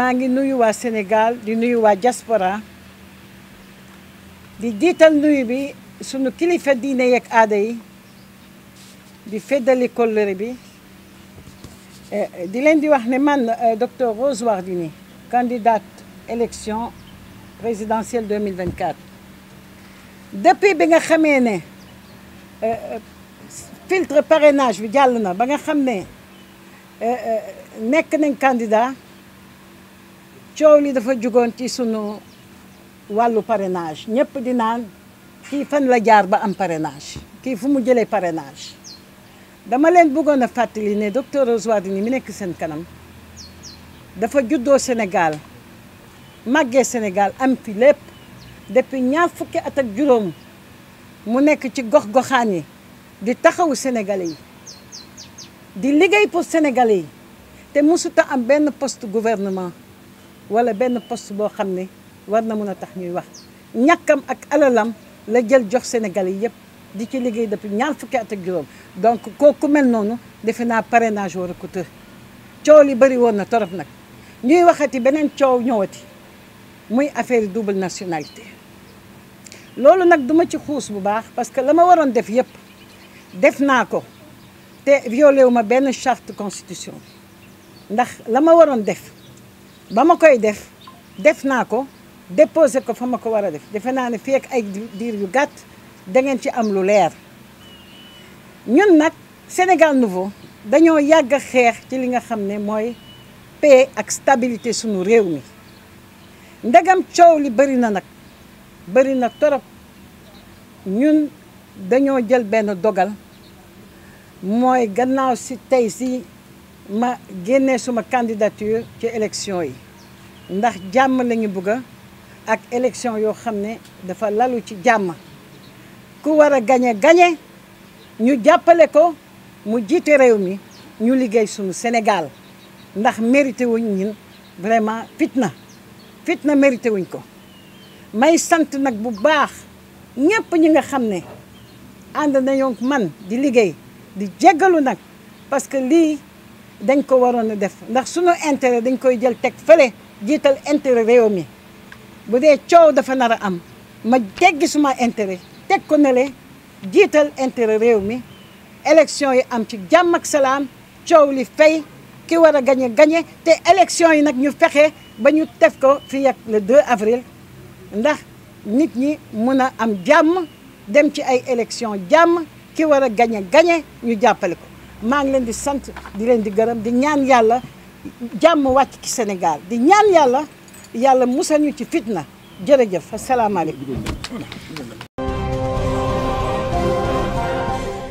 maa ngi nuyu waa Sénégal di nuyu waa jaspora di jiital nuyu bi sunu kilifa diine yeeg aada yi di feddali kóllëre bi eh, di leen di wax ne man eh, docteur Rose Wardini candidate élection présidentielle 2024 depuis bi nga xamee ne eh, filtre parrainage bi jàll na ba nga xam ne nekk nañ candidat coow li dafa jugoon ci sunu wàllu parrainage ñëpp di naan kii fan la jaar ba am parrainage kii fu mu jëlee parenage dama leen bëggoon a fàttali ne docteur Rose Wardini mi nekk seen kanam dafa juddoo Sénégal màggee Sénégal am fi lépp depuis ñaar fukki at ak juróom mu nekk ci gox-goxaan yi di taxawu Sénégalais yi di liggéey pour Sénégalais yi te mësuta am benn poste gouvernement wala benn post boo xam ne war na mun a tax ñuy wax ñàkkam ak alalam la jël jox yi yëpp di ci liggéey depuis ñaar fukki at ak juróom donc kooku mel noonu defe naa parrainage war a ko tër coow li bëri woon na torop nag ñuy waxati beneen coow ñëwati muy affaire double nationalité loolu nag duma ci xuus bu baax parce que la ma waroon def yëpp def naa ko te violé wu ma benn charte constitution ndax la ma waroon def ba ma koy def def naa ko déposé ko fa ma ko war a def defe naa ne fii ak ay diir yu gàtt da ngeen ci am lu leer ñun nag Sénégal nouveau dañoo yàgg xeex ci li nga xam ne mooy paix ak stabilité sunu réew mi ndegam coow li bëri na nag bëri na torop ñun dañoo jël benn dogal mooy gannaaw si tey si ma génnee suma candidature ci élection yi ndax jàmm lañu bëgg ak élection yoo xam ne dafa lalu ci jàmm ku war a gañe gañe ñu jàppale ko mu jiite réew mi ñu liggéey suñu Sénégal ndax mérité wuñ ñin vraiment fitna fitna mérité wuñ ko may sant nag bu baax ñëpp ñi nga xam ne ànd nañoo man di liggéey di jéggalu nag parce lii dañ ko waroon a def ndax suñu intérêt dañ koy jël teg fële jiital intére réew mi bu dee coow dafa nar a am ma teggi suma intérêt teg ko ne le jiital intérêt réew mi élection yi am ci jàmm ak salaam coow li fay ki war a gañe gañe te élection yi nag ñu fexe ba ñu def ko fi yag le 2 avril ndax nit ñi mun a am jàmm dem ci ay élection jàmm ki war a gañe gañe ñu jàppale ko maa ngi leen di sant di leen di gërëm di ñaan yàlla jàmm wàcc ci senegal di ñaan yàlla yàlla musal ñu ci fitna jërëjëf asalaamaaleykum